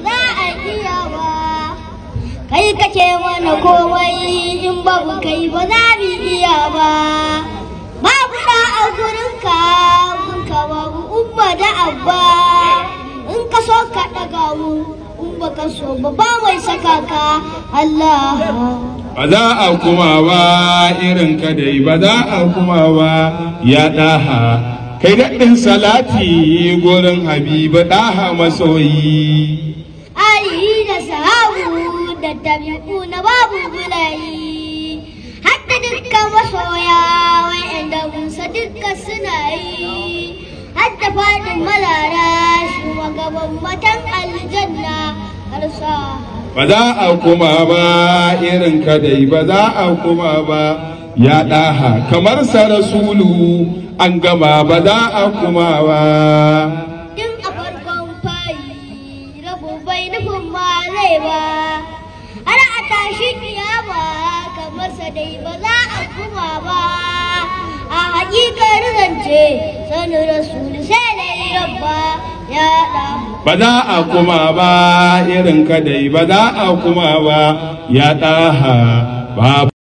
ba za a iya ba kai kake mana komai in babu kai ba za mu iya ba babu da a gurinka gunka babu umma da abba in ka so ka daga mu in ba ka so ba ba mai saka ka Allah ba za a kuma ba irin ka dai ba za a kuma ba ya daha kai daɗin salati gurin habiba ɗaha masoyi آله da da na babu bulayi hatta dukkan masoya wa'anda musa dukkan suna yi hatta fadin malara shugaban matan aljanna harsa ba za a kuma ba irin kadai ba za a kuma ba ya ɗaha kamar sa rasulu an gama ba za a kuma ba bainahum ba zai ba har a tashi kiyama kamar sa dai ba za a kuma ba a hakikar zance sanu rasul sai dai rabba ya da ba za a kuma ba irin kadai ba za a kuma ba ya daha ba